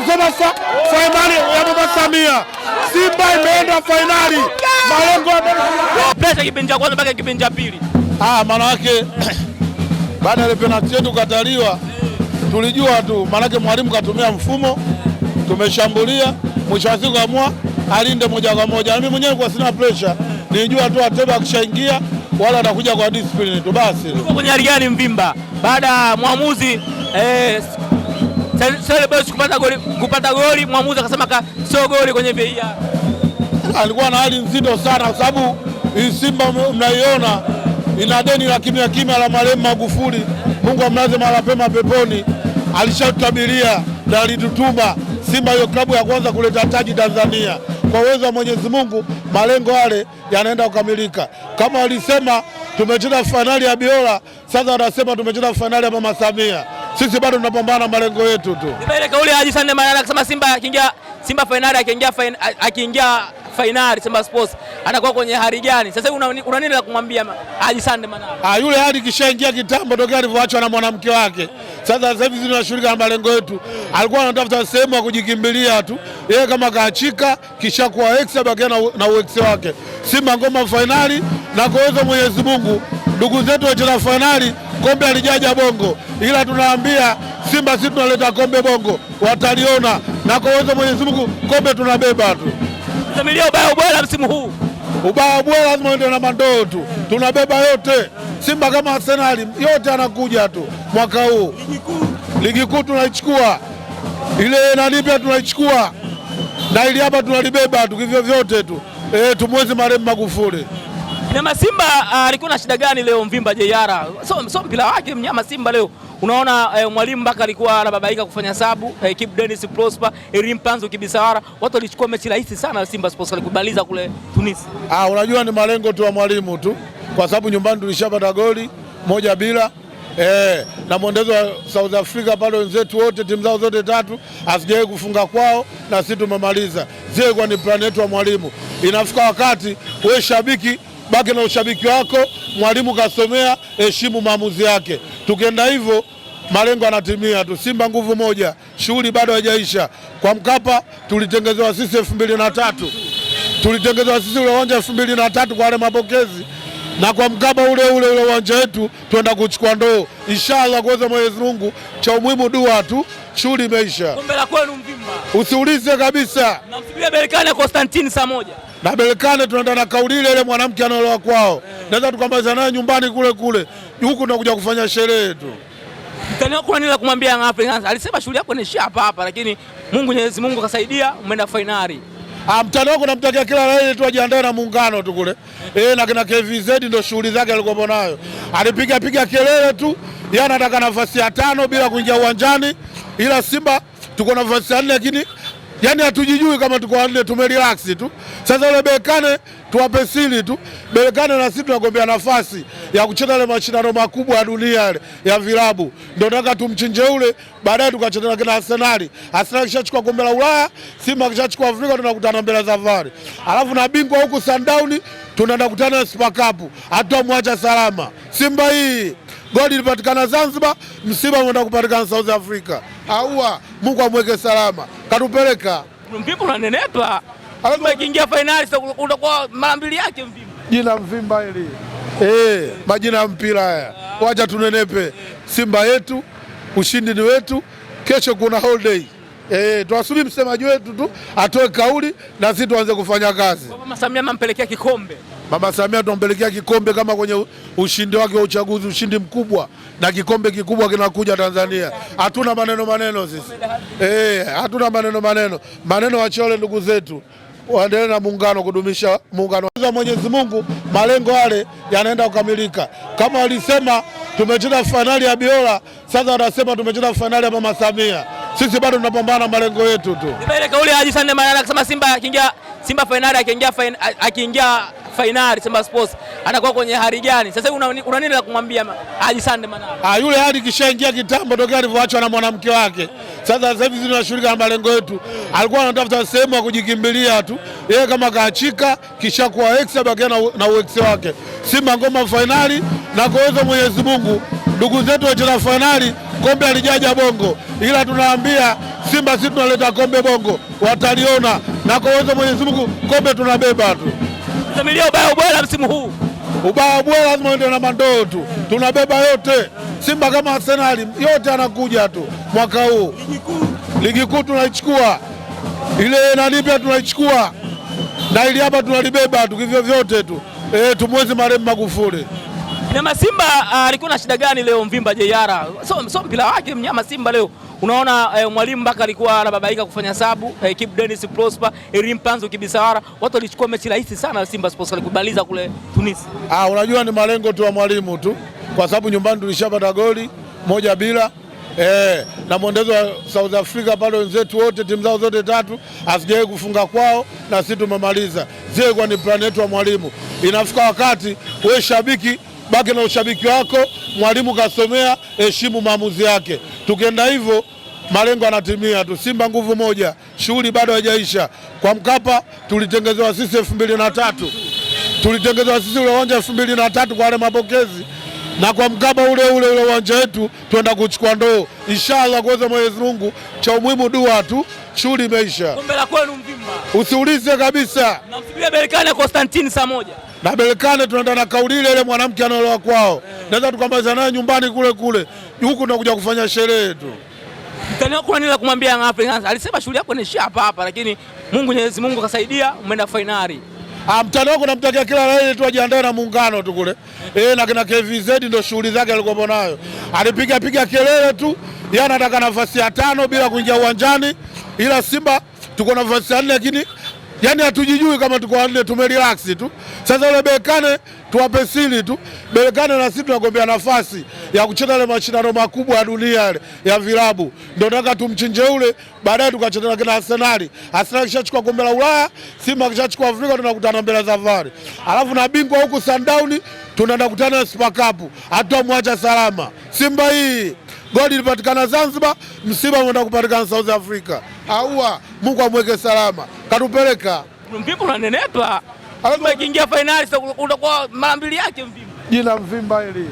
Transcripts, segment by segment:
Nasema fainali ya Mama Samia, Simba imeenda fainali, malengo presha kipindi cha kwanza mpaka kipindi cha pili. Ah, maana yake baada ya penalti yetu kataliwa, tulijua tu, maana yake mwalimu katumia mfumo, tumeshambulia, mwisho wa siku kaamua alinde moja kwa moja. Mimi mwenyewe kwa sina pressure, nilijua tu Ateba akishaingia wala atakuja kwa discipline tu basi. Kwenye hali gani Mvimba baada ya mwamuzi eh, Selebos kupata goli, kupata goli mwamuzi akasema ka sio goli kwenye VAR. Ah, alikuwa na hali nzito sana, kwa sababu hii Simba mnaiona ina deni la kimya kimya la marehemu Magufuli, Mungu amlaze mahali pema peponi. Alishatabiria na alitutuma Simba hiyo klabu ya kwanza kuleta taji Tanzania. Kwa uwezo wa Mwenyezi Mungu, malengo yale yanaenda kukamilika. Kama walisema tumecheza fainali ya Biola, sasa wanasema tumecheza fainali ya Mama Samia sisi bado tunapambana malengo yetu tu. Ile kauli ya Haji Sande Manara akisema Simba akiingia Simba fainali akiingia akiingia fainali Simba Sports anakuwa kwenye hali gani? Sasa una, una nini la kumwambia Haji Sande Manara? Ah, yule hadi kishaingia kitambo tokea alivyoachwa na mwanamke wake. Sasa sasa hivi tunashirika na malengo yetu. Alikuwa anatafuta sehemu ya kujikimbilia tu. Yeye kama kaachika kisha kuwa ex abakia na, na ex wake. Simba ngoma fainali na kuweza Mwenyezi Mungu ndugu zetu wacheza fainali kombe alijaja Bongo, ila tunaambia Simba sisi tunaleta kombe Bongo, wataliona na kwa uwezo Mwenyezi Mungu kombe tunabeba tu. Mzamilia ubaya ubwela msimu huu, ubaya ubwela lazima uende na mandoo tu, tunabeba yote. Simba kama Arsenali yote anakuja tu mwaka huu. Ligi kuu tunaichukua, ile nani pia tunaichukua, na ili hapa tunalibeba tu kivyo vyote tu. E, eh, tumwezi marehemu Magufuli na Simba ah, alikuwa uh, na shida gani leo Mvimba JR? So, so mpira wake mnyama Simba leo unaona eh, mwalimu mpaka alikuwa anababaika kufanya sabu eh, Kip Dennis Prosper Erim Panzo Kibisawara, watu walichukua mechi rahisi sana Simba Sports alikubaliza kule Tunis. Ah, unajua ni malengo tu ya mwalimu tu, kwa sababu nyumbani tulishapata goli moja bila eh, na mwendezo wa South Africa pale, wenzetu wote timu zao zote tatu hazijawahi kufunga kwao na sisi tumemaliza. Zile kwa ni plani yetu ya mwalimu. Inafika wakati we shabiki baki na ushabiki wako. Mwalimu kasomea, heshimu maamuzi yake. Tukienda hivyo malengo yanatimia tu. Simba nguvu moja, shughuli bado haijaisha. Kwa Mkapa tulitengezewa sisi elfu mbili na tatu tulitengezewa sisi ule uwanja elfu mbili na tatu kwa wale mapokezi na kwa Mkapa ule ule ule uwanja wetu twenda kuchukua ndoo inshallah, kuweza Mwenyezi Mungu. Cha umuhimu dua tu, shughuli imeisha. Kombe la kwenu Mvimba, usiulize kabisa. Namsubiri Berkane Konstantini saa moja na Berkane tunaenda na kauli ile ile, mwanamke anaolewa kwao, yeah. naweza tukambaza naye nyumbani kule kule, huku tunakuja kufanya sherehe tu. La kumwambia ngapi? Alisema shughuli yako inaishia hapa hapa, lakini Mungu Mwenyezi Mungu kasaidia, umeenda fainali. Ah, Mtani wako namtakia kila la heri tu, ajiandae na muungano tu kule e, na kina KVZ ndio shughuli zake alikuwa nayo, alipiga piga kelele tu, yeye anataka nafasi ya tano bila kuingia uwanjani, ila Simba tuko nafasi ya nne lakini yani hatujijui kama tuko wanne, tumerelax tu. Sasa ule Berkane tuwape siri tu, Berkane na sisi tunagombea nafasi ya kucheza ile mashindano makubwa ya dunia ile ya vilabu, ndio nataka tumchinje ule, baadaye tukacheza kina Arsenal. Arsenal kishachukua kombe la Ulaya, Simba kishachukua Afrika, tunakutana mbele safari, alafu na bingwa huku Sundown tunaenda kutana Super Cup, hatuamwacha salama Simba hii. Gold ilipatikana Zanzibar, msiba unaenda kupatikana South Africa. Aua, Mungu amweke salama, katupeleka Mvimba. Unanenepa ikiingia fainali utakuwa mara mbili yake Mvimba, jina Mvimba hili eh, majina ya mpira haya. Wacha tunenepe, Simba yetu, ushindi ni wetu. Kesho kuna holiday eh, tuwasubiri msemaji wetu tu atoe kauli na sisi tuanze kufanya kazi. Mama Samia ampelekea kikombe Mama Samia tunampelekea kikombe kama kwenye ushindi wake wa uchaguzi, ushindi mkubwa na kikombe kikubwa kinakuja Tanzania. Hatuna maneno maneno sisi eh, hatuna maneno maneno maneno, wachole ndugu zetu waendelee na muungano, kudumisha muungano wa Mwenyezi Mungu. Malengo yale yanaenda kukamilika, kama walisema tumecheza fainali ya Biola, sasa wanasema tumecheza fainali ya Mama Samia. Sisi bado tunapambana malengo yetu tu. Ile kauli ya Haji Sande Manara akisema Simba akiingia Simba fainali akiingia akiingia fainali Simba Sports anakuwa kwenye hali gani? Sasa una, una nini la kumwambia Haji Sande Manara? Ah, yule hadi kishaingia kitambo tokea alivyoachwa na mwanamke wake. Sasa sasa hivi tunashughulika na malengo yetu. Alikuwa anatafuta sehemu ya kujikimbilia tu. Yeye kama kaachika kisha kuwa ex abakia na na ex wake. Simba ngoma fainali na kuweza Mwenyezi Mungu ndugu zetu wacheza fainali kombe alijaja Bongo, ila tunaambia Simba sisi tunaleta kombe Bongo, wataliona na kwa uwezo Mwenyezi Mungu kombe tunabeba tu mnadhamiria ubaya ubwela msimu huu? Ubaya ubwela lazima ndio na mandoo tu, tunabeba yote. Simba kama Arsenali yote anakuja tu mwaka huu. Ligi kuu tunaichukua, ile nani pia tunaichukua, na ili hapa tunalibeba tu kivyo vyote tu. E, tumwezi marehemu Magufuli. Mnyama Simba ah, alikuwa uh, na shida gani leo Mvimba Jeyara? So, so mpira wake mnyama Simba leo Unaona eh, mwalimu mpaka alikuwa anababaika kufanya sabu eh, Kip Dennis Prosper, Erim Panzo Kibisawara, watu walichukua mechi rahisi sana Simba Sports alikubaliza kule Tunisia. Ah, unajua ni malengo tu ya mwalimu tu, kwa sababu nyumbani tulishapata goli moja bila eh, na mwendezo wa South Africa pale, wenzetu wote timu zao zote tatu hazijawahi kufunga kwao na sisi tumemaliza. Zile kwa ni plani yetu wa mwalimu. Inafika wakati we shabiki, baki na ushabiki wako. Mwalimu kasomea, heshimu maamuzi yake. Tukienda hivyo malengo yanatimia tu. Simba nguvu moja, shughuli bado haijaisha. Kwa Mkapa tulitengezewa sisi elfu mbili na tatu tulitengezewa sisi ule uwanja elfu mbili na tatu kwa wale mapokezi na kwa Mkapa ule ule ule uwanja wetu twenda kuchukua ndoo inshallah, kuweza Mwenyezi Mungu. Cha umuhimu dua tu, shughuli imeisha. Kombe la kwenu Mvimba usiulize kabisa. namsubiria Berkane Constantine saa moja na Berkane tunaenda na kauli ile ile, mwanamke anaolewa kwao, eh. naweza tukambaza naye nyumbani kule kule, huku tunakuja kufanya sherehe tu. La kumwambia ngapi? Alisema shughuli yako inaishia hapa hapa, lakini Mungu Mwenyezi Mungu kasaidia, umeenda fainali. Ah, mtani wako namtakia kila la heri tu, ajiandae na muungano tu kule e, na kina KVZ ndio shughuli zake alikuwa nayo, alipiga piga kelele tu, yeye anataka nafasi ya tano bila kuingia uwanjani, ila Simba tuko nafasi ya nne lakini yani hatujijui kama tuko wanne, tumerelax tu. Sasa ule Berkane tuwape siri tu, Berkane na sisi tunagombea nafasi ya kucheza ile mashindano makubwa ya dunia ile ya vilabu, ndio nataka tumchinje ule, baadaye tukacheza kina Arsenal. Arsenal kishachukua kombe la Ulaya, Simba kishachukua Afrika, tunakutana mbele safari, alafu na bingwa huku Sundown tunaenda kukutana Super Cup, hatuamwacha salama Simba hii. Gold ilipatikana Zanzibar, msiba unaenda kupatikana South Africa. Aua, Mungu amweke salama, katupeleka Mvimba. Unanenepa ikiingia fainali utakuwa mara mbili yake Mvimba, jina Mvimba hili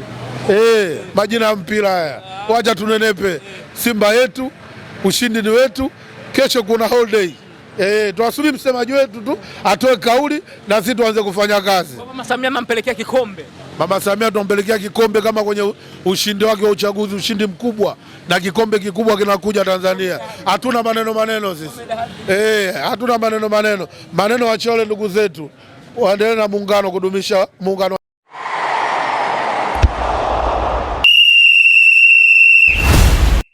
eh, majina ya mpira haya. Wacha tunenepe, Simba yetu, ushindi ni wetu. Kesho kuna holiday Eh, tuwasubiri msemaji wetu tu atoe kauli na sisi tuanze kufanya kazi. Mama Samia mampelekea kikombe. Mama Samia tunampelekea kikombe kama kwenye ushindi wake wa uchaguzi, ushindi mkubwa na kikombe kikubwa kinakuja Tanzania. Hatuna maneno maneno sisi eh, hatuna maneno maneno maneno, wachole ndugu zetu waendelee na muungano, kudumisha muungano.